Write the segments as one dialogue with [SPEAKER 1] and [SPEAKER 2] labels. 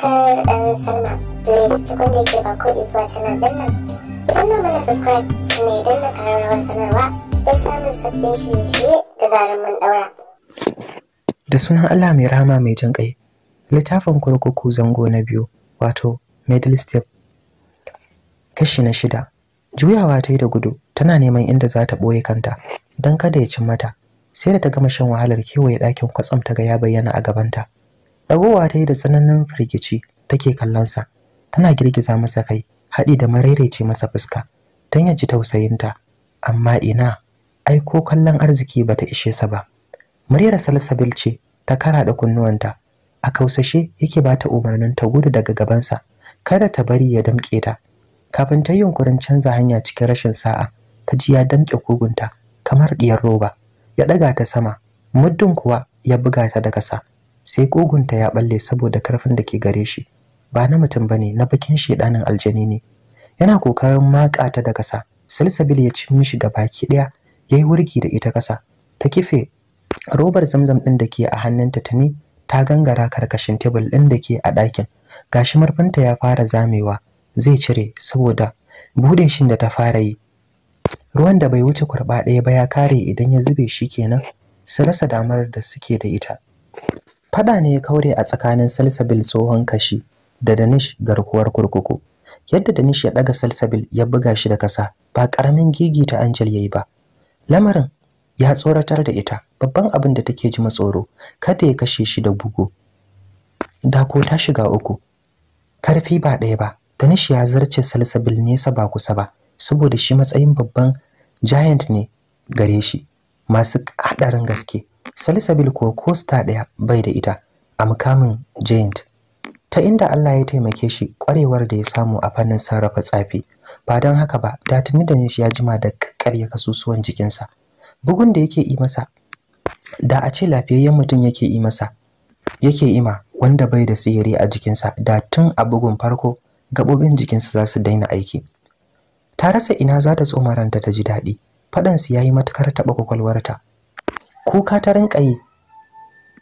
[SPEAKER 1] subscribe and sign up. Please da ba ko subscribe sanarwa don samun da sunan Allah mai rahama mai jin ƙai, littafin kurkuku zango na biyu wato middle step kashi na shida juyawa ta yi da gudu tana neman inda za ta ɓoye kanta don kada ya cin mata sai da ta gama shan wahalar kewaye ɗakin kwatsam ta ga ya bayyana a gabanta Dagowa ta yi da tsananin firgici take kallonsa, tana girgiza masa kai, haɗi da marairaice masa fuska, don ya ji tausayinta. Amma ina, Aiko kallon arziki bata ishe sa ba. Muryar Salsabil ce ta kara da kunnuwanta, a kausashe yake bata umarnin ta gudu daga gabansa, kada ta bari ya damƙe ta. Kafin ta yunkurin canza hanya cikin rashin sa'a, ta ji ya damƙe kugunta kamar ɗiyar roba, ya ɗaga ta sama, muddin kuwa ya buga ta da ƙasa. sai kogunta ya balle saboda karfin da ke gare shi ba na mutum bane na bakin shedanin aljani ne yana kokarin maka ta da kasa salsabil ya ci mishi baki daya yayi wurgi da ita kasa ta kife robar zamzam din da ke a hannunta ne ta gangara karkashin tebul din da ke a ɗakin gashi marfinta ya fara zamewa zai cire saboda buɗe shin da ta fara yi ruwan da bai wuce kurba ɗaya ba ya kare idan ya zube shi kenan su rasa damar da suke da ita Fada ne ya kaure a tsakanin Salsabil tsohon kashi da Danish garkuwar kurkuku. Yadda Danish ya daga Salsabil ya buga shi da kasa ba karamin gigi ta Angel yayi ba. Lamarin ya tsoratar da ita babban abin da take ji matsoro kada ya kashe shi da bugu. Da ko ta shiga uku. Karfi ba ɗaya ba. Danish ya zarce Salsabil nesa ba kusa ba saboda shi matsayin babban giant ne gare shi masu hadarin gaske salisabil ko kosta ɗaya bai da ita a mukamin giant ta inda Allah ya taimake shi kwarewar da ya samu a fannin sarrafa tsafi ba don haka ba da tuni da shi ya jima da karya kasusuwan jikinsa bugun da yake yi masa da a ce lafiyayyen mutum yake yi masa yake ima wanda bai da sihiri a jikinsa da tun a bugun farko gaɓoɓin jikinsa za su daina aiki ta rasa ina za ta tsomaranta ta ji daɗi faɗansu ya yi matukar taɓa kwakwalwarta kuka ta rinka yi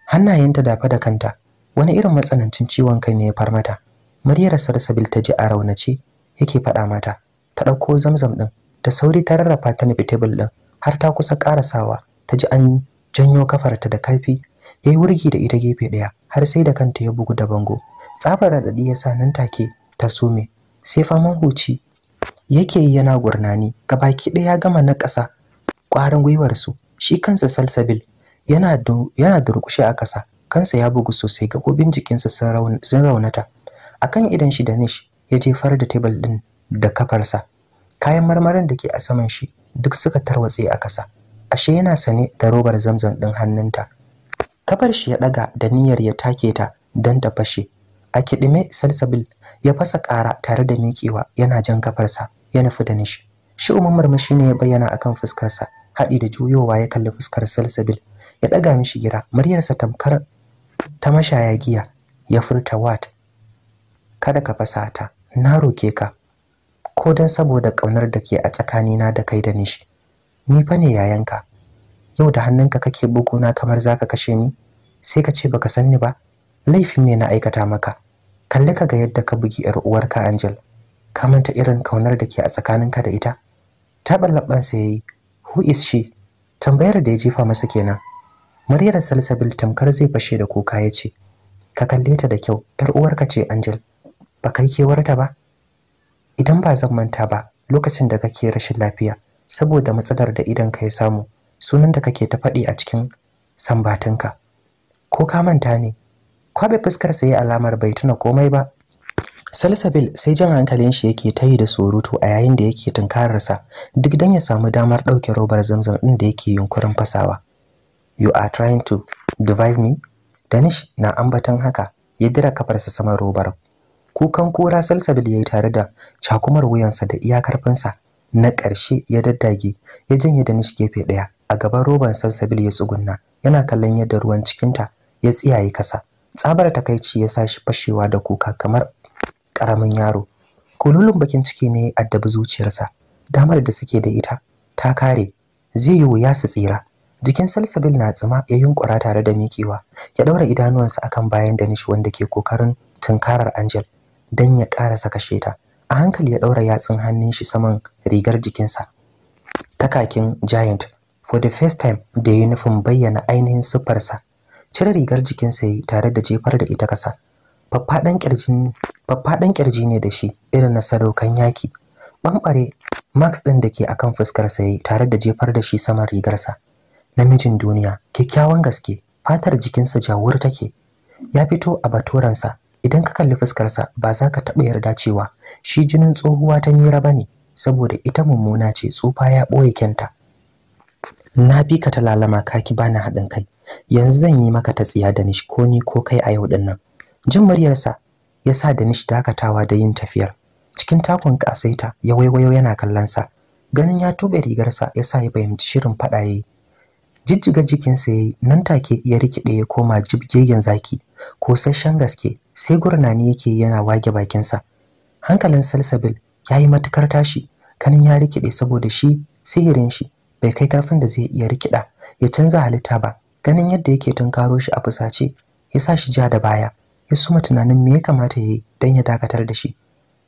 [SPEAKER 1] hannayenta dafa da kanta wani irin matsanancin ciwon kai ne ya far mata muryar sarsabil ta ji a raunace yake faɗa mata ta ɗauko zamzam ɗin da sauri ta rarrafa ta nufi tebul ɗin har ta kusa ƙarasawa ta ji an janyo kafarta da kaifi ya yi wurgi da ita gefe ɗaya har sai da kanta ya bugu da bango tsabar raɗaɗi ya sa nan take ta sume sai faman huci yake yi yana gurnani gabaki ɗaya ya gama na ƙasa ƙwarin gwiwarsu shi kansa salsabil yana da rukushe a ƙasa kansa ya bugu sosai ga gaɓoɓin jikinsa sun raunata akan idan shi danish ya jefar da tebul ɗin da kafarsa kayan marmarin da ke a saman shi duk suka tarwatse a ƙasa ashe yana sane da robar zamzam ɗin hannunta kafar shi ya ɗaga da niyyar ya take ta don ta fashe a kiɗime salsabil ya fasa ƙara tare da miƙewa yana jan kafarsa ya nufi da shi umar murmushi ne ya bayyana akan fuskarsa haɗi da juyowa ya kalli fuskar salsabil ya ɗaga mishi gira muryarsa tamkar ta mashaya giya ya furta wat kada ka fasa ta. na roke ka ko don saboda ƙaunar da ke a tsakanina da kai da nishi ni fa ne yayanka yau da hannunka kake buguna kamar zaka kashe ni sai ka ce baka san ni ba laifin me na aikata maka kalli ka ga yadda ka bugi yar uwarka Angel ka manta irin kaunar da ke a tsakaninka da ita ta ballaban sai who is she tambayar da ya jefa masa kenan muryar salsabil tamkar zai fashe da kuka ya ce ka kalle ta da kyau yar uwarka ce angel ba kai kewarta ba idan ba zan manta ba lokacin da kake rashin lafiya saboda matsalar da idan ka ya samu sunan da kake ta faɗi a cikin sambatinka ko ka manta ne kwabe fuskar sai alamar bai tuna komai ba salsabil sai jan hankalin shi yake tayi da surutu a yayin da yake tunkararsa duk dan ya samu damar ɗauke robar zamzam ɗin da yake yunkurin fasawa you are trying to devise me danish na ambatan haka ya dira kafarsa saman robar kukan kura salsabil yayi tare da cakumar wuyansa da iya fansa na ƙarshe ya daddage ya janye danish gefe ɗaya a gaban roban salsabil ya tsugunna yana kallon yadda ruwan cikinta ya tsiyaye kasa tsabar takaici ya sa shi fashewa da kuka kamar ƙaramin yaro kululun bakin ciki ne addabi zuciyarsa damar da suke da ita ta kare zai yi wuya su tsira jikin salsabil na tsima ya yunkura tare da mikewa ya ɗaura idanuwansa akan bayan da nishi wanda ke kokarin tunkarar angel don ya ƙara saka ta a hankali ya ɗaura yatsun hannun shi saman rigar jikinsa takakin giant for the first time da ya bayyana ainihin siffarsa cire rigar jikinsa yi tare da jefar da ita kasa faffaɗan ƙirji ne da shi irin na sadaukan yaki ɓamɓare max ɗin da ke akan fuskarsa ya yi tare da jefar da shi saman rigarsa namijin duniya kyakkyawan gaske fatar jikinsa jawur take ya fito a baturansa idan ka kalli fuskarsa ba za ka taɓa yarda cewa shi jinin tsohuwa ta mira ba ne saboda ita mummuna ce tsufa ya ɓoye kyanta na bi ka ta lalama kaki bani haɗin kai yanzu zan yi maka ta tsiya da nish ko ni ko kai a yau ɗin nan jin muryarsa ya sa Danish dakatawa da yin tafiyar cikin takun kasaita ya waiwayo yana kallon sa. ganin ya tube rigarsa ya sa ya fahimci shirin faɗa yayi jijjiga jikinsa yayi nan take ya rikide ya koma jibgegen zaki ko sashen gaske sai gurnani yake yana wage bakinsa hankalin salsabil yayi yi matukar tashi kanin ya rikide saboda shi sihirin shi bai kai karfin da zai iya rikida ya canza halitta ba ganin yadda yake tunkaro shi a fusace ya sa shi ja da baya ya suma tunanin me ya kamata ya yi don ya dakatar da shi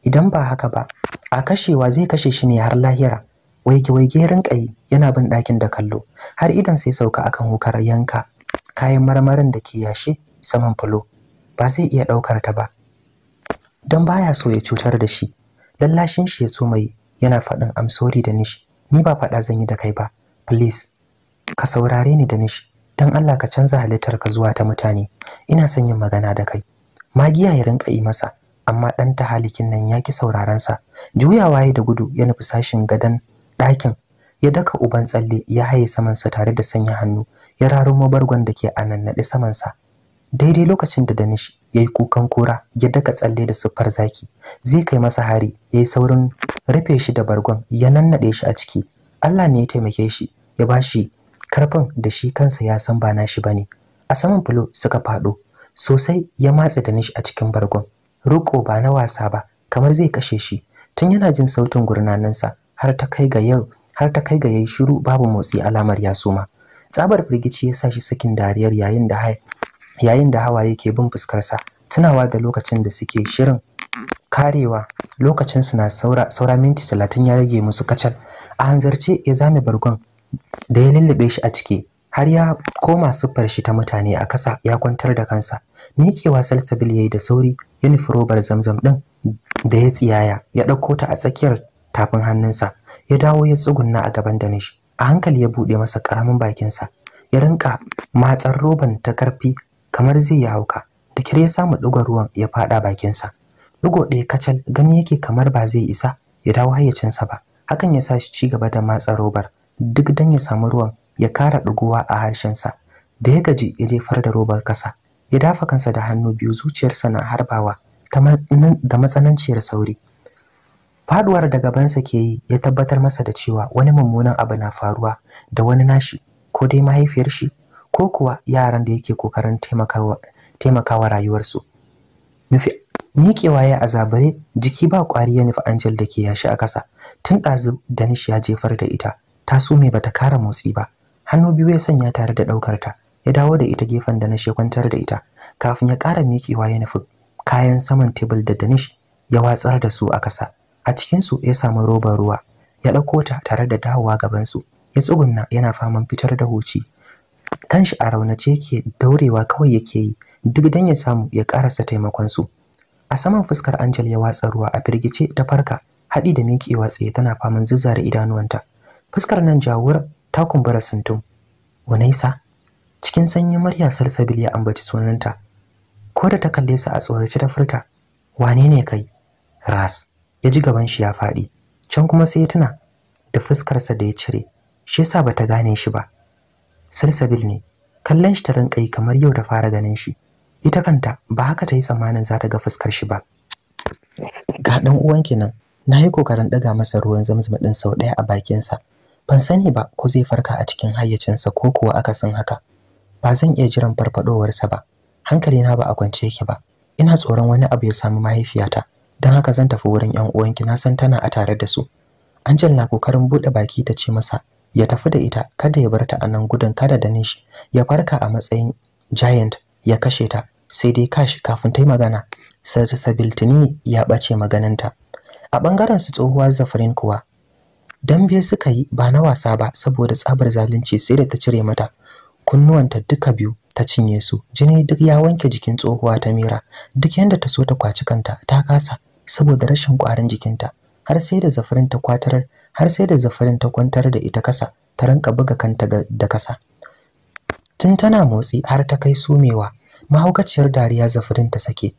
[SPEAKER 1] idan ba haka ba a kashewa zai kashe shi ne har lahira waige waige rinka yi yana bin ɗakin da kallo har idan sai sauka akan hukar yanka kayan marmarin da ke yashe saman fulo ba zai iya ɗaukar ta ba don baya so ya cutar da shi lallashin shi ya so mai yana faɗin amsori da nishi ni ba faɗa zan yi da kai ba please ka saurare ni da nishi dan Allah ka canza halittar ka zuwa ta mutane ina son yin magana da kai magiya ya rinka yi masa amma ɗan ta halikin nan ya ki saurarensa juyawa ya da gudu ya nufi sashin gadon ɗakin ya daka uban tsalle ya haye sa tare da sanya hannu ya raro mabargon da ke a saman sa. daidai lokacin da danish yayi kukan kora ya daka tsalle da siffar zaki zai kai masa hari yayi yi saurin rufe shi da bargon ya nannaɗe shi a ciki allah ne ya taimake shi ya bashi. karfin da shi kansa ya san ba nashi bane a saman fulo suka fado sosai ya matsa da nishi a cikin bargon ruko ba na wasa ba kamar zai kashe shi tun yana jin sautin gurnaninsa har ta kai ga yau har ta kai ga yayi shiru babu motsi alamar ya suma. tsabar firgici ya sa shi sakin dariyar yayin da hay yayin da hawaye ke bin fuskarsa tunawa da lokacin da suke shirin karewa lokacin suna saura saura minti 30 ya rage musu kacal a hanzarce ya zame bargon da ya lullube shi a ciki har ya koma siffar shi ta mutane a kasa ya kwantar da kansa miƙewa salsabil yayi da sauri ya nufi robar zamzam ɗin da ya tsiyaya ya ɗauko ta a tsakiyar tafin hannunsa ya dawo ya tsugunna a gaban da nishi a hankali ya buɗe masa ƙaramin bakinsa ya rinka matsar roban ta ƙarfi kamar zai ya hauka da kire ya samu ɗigon ruwan ya faɗa bakinsa ɗigo ɗaya kacal gani yake kamar ba zai isa ya dawo hayyacinsa ba hakan ya sa shi ci gaba da matsa robar duk dan ya samu ruwan ya kara ɗigowa a harshensa da ya gaji ya jefar da robar kasa ya dafa kansa da hannu biyu zuciyarsa na harbawa da matsananciyar sauri faduwar da gabansa ke yi ya tabbatar masa da cewa wani mummunan abu na faruwa da wani nashi ko dai mahaifiyar shi ko kuwa yaran da yake kokarin taimakawa taimakawa rayuwarsu nufi miƙewa ya azabare jiki ba ƙwari ya nufi angel da ke yashi a ƙasa tun ɗazu danish ya jefar da ita ta sume bata kara motsi ba hannu biyu ya sanya tare da daukar ta ya dawo da ita gefen da na kwantar da ita kafin ya ƙara mikewa ya nufi kayan saman tebul da danish ya watsar da su a kasa a cikin su ya samu robar ruwa ya ɗauko ta tare da dawowa gaban su ya tsugunna yana faman fitar da huci kanshi a raunace yake daurewa kawai yake yi duk dan ya samu ya karasa taimakon su a saman fuskar Angel ya watsa ruwa a firgice ta farka hadi da mikewa tsaye tana faman zuzzare idanuwanta fuskar nan jawur ta kumbura suntum unaisa cikin sanyin murya salsabil ya ambaci sunanta ko da ta kalle sa a tsorace ta furta wane ne kai ras ya ji gaban shi ya faɗi can kuma sai ya tuna da fuskarsa da ya cire shi yasa bata gane shi ba salsabil ne kallon shi ta rinkai kamar yau da fara ganin shi ita kanta ba haka ta yi tsammanin za ta ga fuskar shi ba ga dan uwan kenan, na yi kokarin daga masa ruwan zamzam din sau daya a bakinsa ban sani ba ko zai farka a cikin hayyacinsa ko kuwa aka san haka ba zan iya jiran farfadowarsa ba Hankali na ba a kwance yake ba ina tsoron wani abu ya samu mahaifiyata don haka zan tafi wurin yan uwanki na san tana a tare da su Angel na kokarin buɗe baki ta ce masa ya tafi da ita kada ya bar ta a nan gudun kada da nishi ya farka a matsayin giant ya kashe ta sai dai kashi kafin ta yi magana Sarsabiltini ya ɓace magananta a ɓangaren su tsohuwa zafirin kuwa dambe suka yi ba na wasa ba saboda tsabar zalunci sai da ta cire mata kunnuwanta duka biyu ta cinye su jini duk ya wanke jikin tsohuwa ta mira duk yanda ta so ta kwaci kanta ta kasa saboda rashin ƙwarin jikinta har sai da zafarin ta kwatarar har sai da zafarin ta kwantar da ita kasa ta rinka buga kanta da kasa tun tana motsi har ta kai sumewa mahaukaciyar dariya zafirin ta sake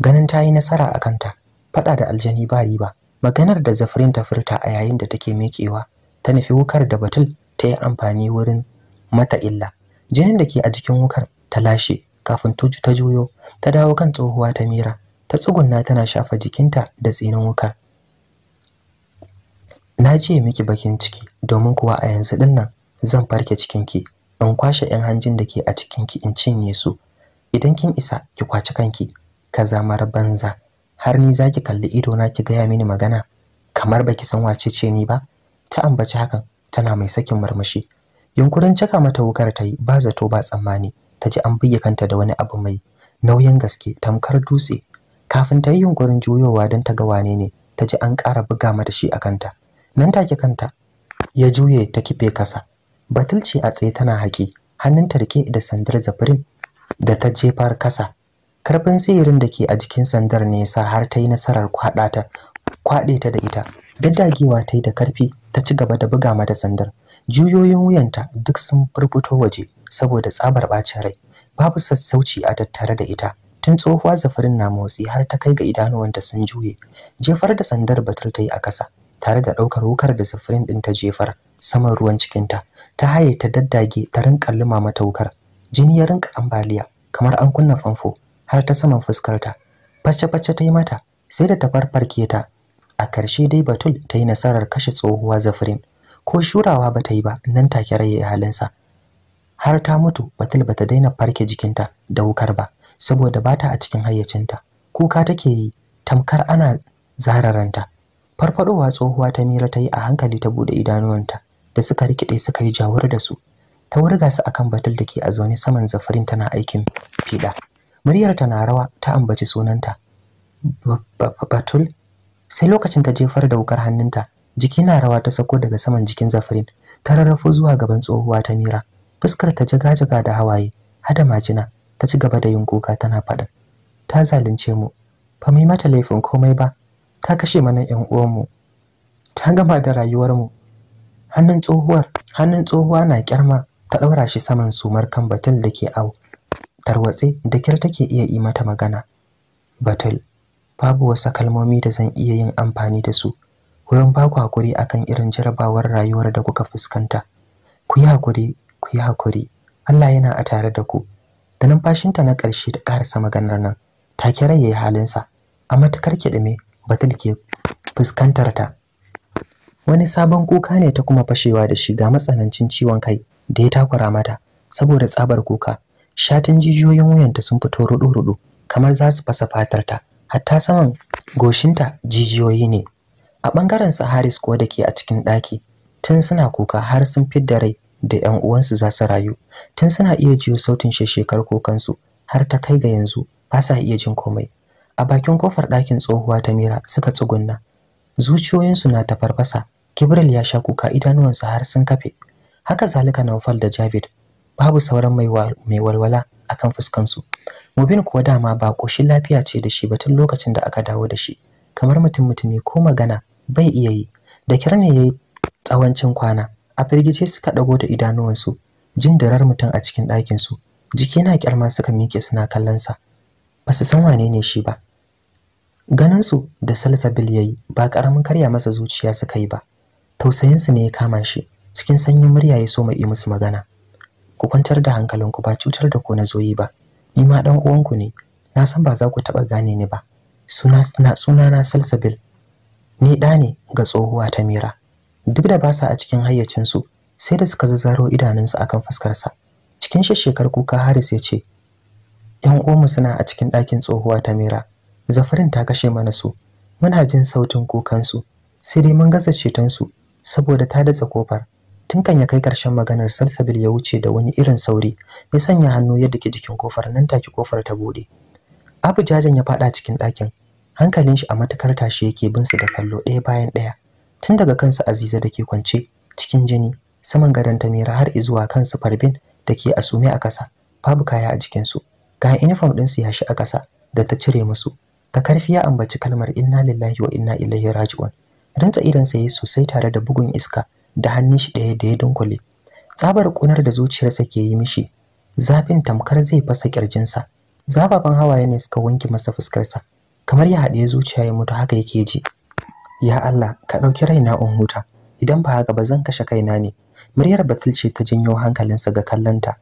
[SPEAKER 1] ganin ta yi nasara a kanta faɗa da aljani ba riba maganar da Zafrin ta furta a yayin da take miƙewa ta nufi wukar da Batul ta yi amfani wurin mata illa jinin da ke a jikin wukar ta lashe kafin tuju ta juyo ta dawo kan tsohuwa ta mira ta tsugunna tana shafa jikinta da tsinin wukar na ce miki bakin ciki domin kuwa a yanzu din nan zan farke cikinki in kwashe 'yan hanjin da ke a cikinki in cinye su idan kin isa ki kwaci kanki ka zama banza har ni zaki kalli ido na ki gaya mini magana kamar baki san wace ce ni ba ta ambaci hakan tana mai sakin murmushi yunkurin caka mata wukar ta yi ba zato ba tsammani ta ji an buge kanta da wani abu mai nauyin gaske tamkar dutse kafin ta yi yunkurin juyowa don ta ga wane ne ta ji an ƙara buga mata shi a kanta nan take kanta ya juye ta kife kasa batulci a tsaye tana haƙi hannunta rike da sandar zafirin da ta jefar kasa karfin sihirin da ke a jikin sandar ne sa har ta yi nasarar kwaɗa ta da ita daddagewa ta yi da karfi ta ci gaba da buga mata sandar juyoyin wuyanta duk sun furfuto waje saboda tsabar ɓacin rai babu sassauci a tattare da ita tun tsohuwa zafirin na motsi har ta kai ga idanuwanta sun juye jefar da sandar batul ta yi a ƙasa tare da ɗaukar wukar da zafirin ɗin ta jefar saman ruwan cikinta ta haye ta daddage ta rinƙa lima mata wukar jini ya rinƙa ambaliya kamar an kunna famfo har ta saman fuskarta facce-facce ta yi mata sai da ta farfarke ta a ƙarshe dai batul ta yi nasarar kashe tsohuwa zafirin ko shurawa ba ta yi ba nan take raye halinsa har ta mutu batul ba ta daina farke jikinta da wukar ba saboda ba ta a cikin hayyacinta kuka take yi tamkar ana zararanta farfadowa tsohuwa ta mira ta yi a hankali ta bude idanuwanta da suka rikide suka yi jawur da su ta wurga su akan batul da ke a zaune saman zafirin tana aikin fiɗa muryarta na rawa ta ambaci sunanta batul sai lokacin ta jefar da wukar hannunta jiki na rawa ta sako daga saman jikin zafirin ta rarrafo zuwa gaban tsohuwa ta mira fuskar ta jaga-jaga da hawaye hada majina ta ci gaba da yin kuka tana faɗa ta zalunce mu ba mu yi mata laifin komai ba ta kashe mana yan uwanmu ta gama da rayuwar mu hannun tsohuwar hannun tsohuwa na kyarma ta ɗaura shi saman sumar kan batul da ke awo tarwatse da kyar take iya yi mata magana batul babu wasu kalmomi da zan iya yin amfani da su wurin ba ku hakuri akan irin jarabawar rayuwar da kuka fuskanta ku yi hakuri ku yi hakuri Allah yana a tare da ku da numfashinta na ƙarshe ta ƙarasa maganar nan take rai yayi halinsa a matukar kiɗime batul ke fuskantar ta wani sabon kuka ne ta kuma fashewa da shi ga matsanancin ciwon kai da ya takura mata saboda tsabar kuka shatin jijiyoyin wuyanta sun fito rudu-rudu kamar za su fasa fatarta hatta saman goshinta jijiyoyi ne a ɓangaren su haris kuwa da ke a cikin ɗaki tun suna kuka har sun fidda rai da 'yan uwansu za su rayu tun suna iya jiyo sautin shekar kukansu har ta kai ga yanzu ba sa iya jin komai a bakin kofar ɗakin tsohuwa ta mira suka tsugunna zuciyoyinsu na ta farfasa kibril ya sha kuka idanuwansa har sun kafe haka zalika naufal da javid babu sauran mai walwala akan fuskansu mubin kuwa dama ba ƙoshin lafiya ce da shi ba tun lokacin da aka dawo da shi kamar mutum mutumi ko magana bai iya yi da kirne ne ya yi tsawancin kwana a firgice suka ɗago da idanuwansu jin darar mutum a cikin ɗakinsu jiki na kyarma suka miƙe suna kallonsa ba su san wane ne shi ba ganinsu da salsabil ya yi ba ƙaramin karya masa zuciya suka yi ba tausayinsu ne ya kama shi cikin sanyin murya ya so mai musu magana ku kwantar da hankalinku ba cutar da ku na zoyi ba ni ma dan uwanku ne na san ba za ku taba gane ni ba suna na suna na salsabil ni da ne ga tsohuwa ta mira duk da ba sa a cikin hayyacin su sai da suka zazzaro idanunsa akan fuskarsa cikin shekar kuka haris ya ce yan uwanmu suna a cikin ɗakin tsohuwa ta mira zafarin ta kashe mana su muna jin sautin kukan su sai dai mun gasa su. saboda ta datsa kofar tun kan ya kai ƙarshen maganar salsabil ya wuce da wani irin sauri ya sanya hannu yadda ke jikin kofar nan take kofar ta bude abu jajan ya faɗa cikin ɗakin hankalin shi a matakar tashi yake bin su da kallo ɗaya bayan ɗaya tun daga kansa aziza da ke kwance cikin jini saman gadon tamira har izuwa su farbin da ke asume a ƙasa babu kaya a jikinsu ga uniform ya yashi a ƙasa da ta cire musu ta karfi ya ambaci kalmar inna lillahi wa inna ilaihi raji'un rantsa idan sa sosai tare da bugun iska da hannun shi ɗaya da ya dunkule tsabar ƙunar da zuciyarsa ke yi mishi zafin tamkar zai fasa kirjinsa zababan hawaye ne suka wanke masa fuskarsa kamar ya haɗe zuciya ya mutu haka yake ji ya Allah ka ɗauki raina in huta idan ba haka ba zan kashe kaina ne muryar batul ce ta janyo hankalinsa ga kallonta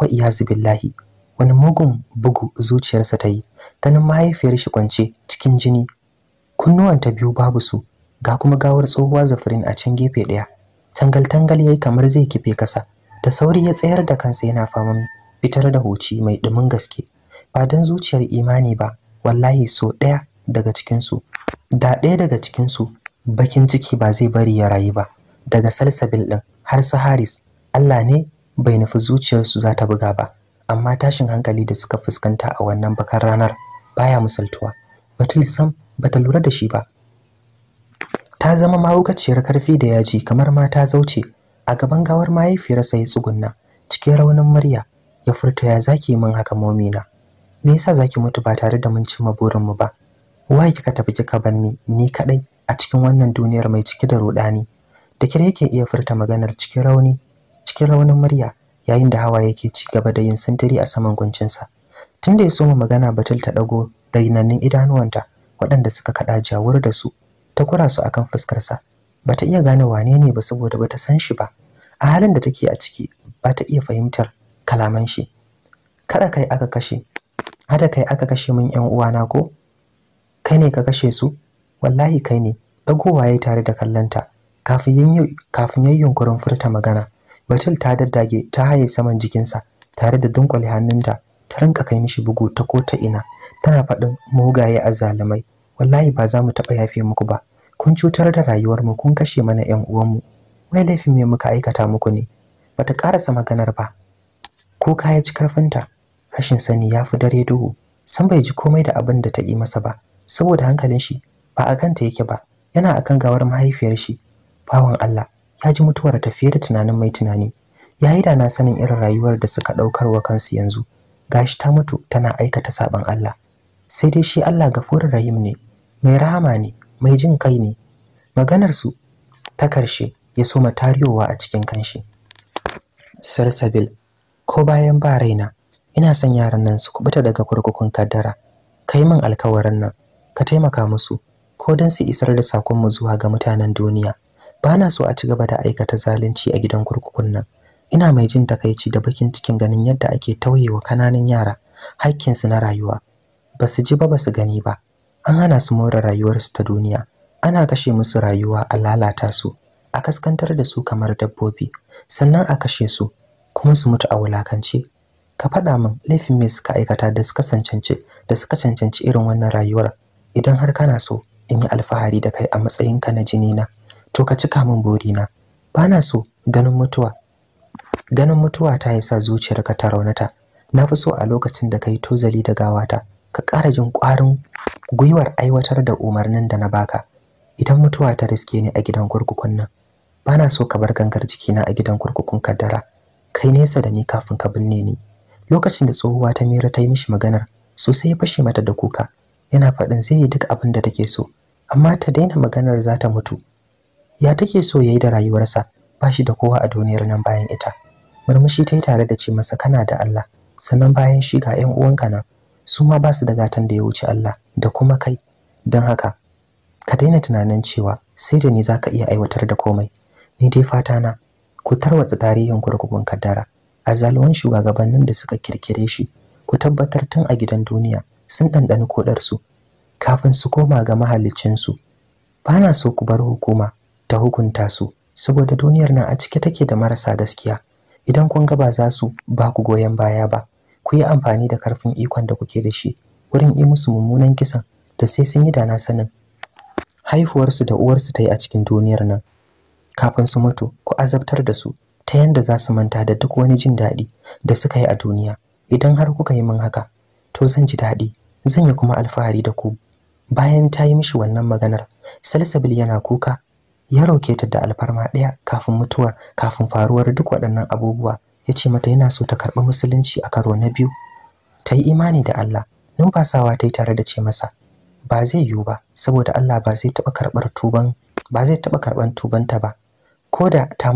[SPEAKER 1] wa iyazu billahi wani mugun bugu zuciyarsa ta yi ganin mahaifiyar shi kwance cikin jini kunnuwanta biyu babu su ga kuma gawar tsohuwa zafirin a can gefe ɗaya tangal-tangal yayi kamar zai kife kasa da sauri ya tsayar da kansa yana faman fitar da huci mai dumin gaske ba don zuciyar imani ba wallahi so ɗaya daga cikinsu da ɗaya daga cikinsu bakin ciki ba zai bari ya rayu ba daga salsabil ɗin har su haris allah ne bai nufi zuciyarsu za ta buga ba amma tashin hankali da suka fuskanta a wannan bakar ranar baya misaltuwa batul sam bata lura da shi ba ta zama mahaukaciyar karfi da yaji kamar ma ta zauce a gaban gawar mahaifiyarsa ya tsugunna cikin raunin murya ya furta ya zaki min haka momina me yasa zaki mutu ba tare da mun cimma burinmu ba wai kika tafi kika banni ni kadai a cikin wannan duniyar mai cike da rudani da kire yake iya furta maganar cikin rauni cikin raunin murya yayin da hawa yake ci gaba da yin sintiri a saman guncinsa tunda ya soma magana batul ta dago dainannin idanuwanta waɗanda suka kada jawur da su ta kura su akan fuskarsa bata iya gane wane ne ba saboda bata san shi ba a halin da take a ciki bata iya fahimtar kalaman shi kada kai aka kashe hada kai aka kashe min yan uwana ko kai ne ka kashe su wallahi kai ne dagowa yayi tare da kallanta kafin yin kafin yayin yunkurin furta magana batul ta daddage ta haye saman jikinsa tare da dunkule hannunta ta rinka kai mishi bugu ta ko ta ina tana faɗin mugaye a zalimai wallahi ba za mu taɓa yafe muku ba kun cutar da rayuwarmu kun kashe mana 'yan uwanmu wai laifin me muka aikata muku ne bata karasa maganar ba ko kaya ci karfinta rashin sani ya fi dare duhu san bai ji komai da abin da ta yi masa ba saboda hankalin shi ba a kanta yake ba yana akan gawar mahaifiyar shi bawan Allah ya ji mutuwar ta fiye da tunanin mai tunani ya yi da na sanin irin rayuwar da suka daukar wa kansu yanzu gashi ta mutu tana aikata saban Allah sai dai shi Allah gafurur rahim ne mai rahama ne mai jin kai ne maganarsu ta karshe ya soma tariyowa a cikin kanshi sarsabil ko bayan ba raina ina son yaran nan su kubuta daga kurkukun kaddara kai min alkawarin nan ka taimaka musu ko don su isar da sakonmu zuwa ga mutanen duniya ba na so a ci gaba da aikata zalunci a gidan kurkukun nan ina mai jin takaici da bakin cikin ganin yadda ake wa kananan yara hakkinsu na rayuwa ba su ji ba ba su gani ba an hana su more rayuwarsu ta duniya ana kashe musu rayuwa a lalata su a kaskantar da su kamar dabbobi sannan a kashe su kuma su mutu a wulakance ka faɗa min laifin me suka aikata da suka cancanci da suka cancanci irin wannan rayuwar idan har kana so in yi alfahari da kai a matsayinka na jini na to ka cika min burina na so ganin mutuwa ganin mutuwa ta yasa zuciyarka ta raunata na fi so a lokacin da kai tozali da gawata ka ƙara jin ƙwarin gwiwar aiwatar da umarnin da na baka idan mutuwa ta riske ni a gidan kurkukun nan bana so ka bar gangar jikina a gidan kurkukun kaddara kai nesa da ni kafin ka binne ni lokacin da tsohuwa ta mira ta yi mishi maganar sosai ya fashe mata da kuka yana faɗin zai yi duk abin da take so amma ta daina maganar za ta mutu ya take so ya yi da rayuwarsa ba shi da kowa a duniyar nan bayan ita murmushi ta yi tare da ce masa kana da Allah sannan bayan shi ga 'yan uwanka nan su ma ba su da gatan da ya wuce Allah da kuma kai don haka ka daina tunanin cewa sai da ni zaka iya aiwatar da komai ni dai fata na ku tarwatsa tarihin kurkukun kaddara a zaluwan shugabannin da suka kirkire shi ku tabbatar tun a gidan duniya sun ɗanɗani koɗarsu kafin su koma ga mahaliccinsu ba na so ku bar hukuma ta hukunta su saboda duniyar nan a cike take da marasa gaskiya idan kun ga ba za su ba ku goyon baya ba ku yi amfani da karfin ikon da kuke da shi wurin yi musu mummunan kisan da sai sun yi dana sanin haifuwarsu da uwarsu ta yi a cikin duniyar nan kafin su mutu ku azabtar da su ta yanda za su manta da duk wani jin daɗi da suka yi a duniya idan har kuka yi min haka to zan ji daɗi zan yi kuma alfahari da ku bayan ta yi mishi wannan maganar salsabil yana kuka ya roke da alfarma ɗaya kafin mutuwar kafin faruwar duk waɗannan abubuwa ya ce mata yana so ta karɓi musulunci a karo na biyu ta yi imani da Allah numfasawa ta yi tare da ce masa ba zai yiwu ba saboda Allah ba zai taɓa karɓar tuban ba zai taɓa karɓar tubanta ba koda ta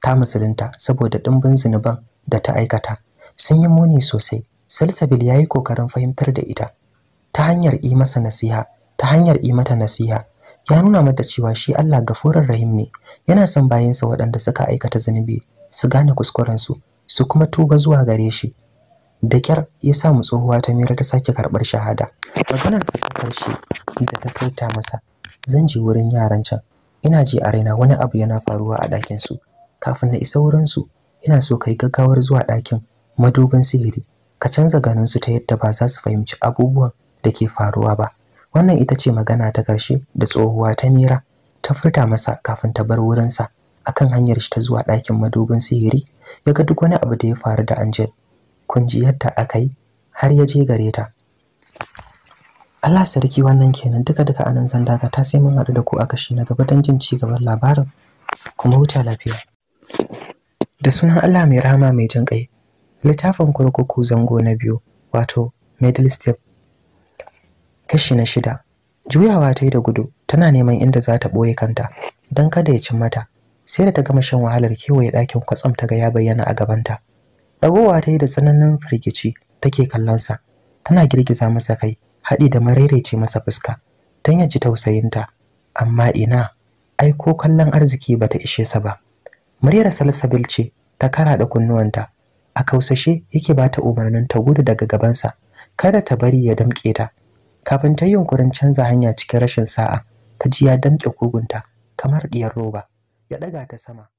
[SPEAKER 1] ta musulunta saboda ɗimbin zinuban da ta aikata sun yi muni sosai salsabil ya yi kokarin fahimtar da ita ta hanyar yi masa nasiha ta hanyar yi mata nasiha ya nuna mata cewa shi Allah gafurar rahim ne yana son bayansa waɗanda suka aikata zunubi su gane kuskurensu su kuma tuba zuwa gare shi da kyar ya sa mu tsohuwa ta mira ta sake karɓar shahada maganar sa ta karshe da ta furta masa zan je wurin yaran can ina ji a raina wani abu yana faruwa a ɗakin su kafin na isa wurin su ina so kai gaggawar zuwa ɗakin madubin sihiri ka canza ganin su ta yadda ba za su fahimci abubuwan da ke faruwa ba wannan ita ce magana ta karshe da tsohuwa ta mira ta furta masa kafin ta bar wurinsa akan hanyar shi ta zuwa ɗakin madubin sihiri ya ga duk wani abu da ya faru da Angel yadda aka yi, har ya je gare ta Allah sarki wannan kenan duka duka anan zan daga ta sai mun haɗu da ku a kashi na gaba don jin ci gaban labarin kuma huta lafiya da sunan Allah mai rahama mai jin kai littafin kurkuku zango na biyu wato middle step kashi na shida juyawa ta yi da gudu tana neman inda za ta ɓoye kanta don kada ya cin mata sai da ta gama shan wahalar kewaye ɗakin kwatsam ta ga ya bayyana a gabanta ɗagowa ta yi da tsananin firgici take kallonsa tana girgiza masa kai haɗi da maraice masa fuska don ya ji tausayinta amma ina ai ko kallon arziki bata ishe sa ba muryar salsabil ce ta kara da kunnuwanta a kausashe yake bata umarnin ta gudu daga gabansa kada ta bari ya damƙe ta kafin ta yi yunkurin canza hanya cikin rashin sa'a ta ji ya damƙe kugunta kamar ɗiyar roba ya ɗaga ta sama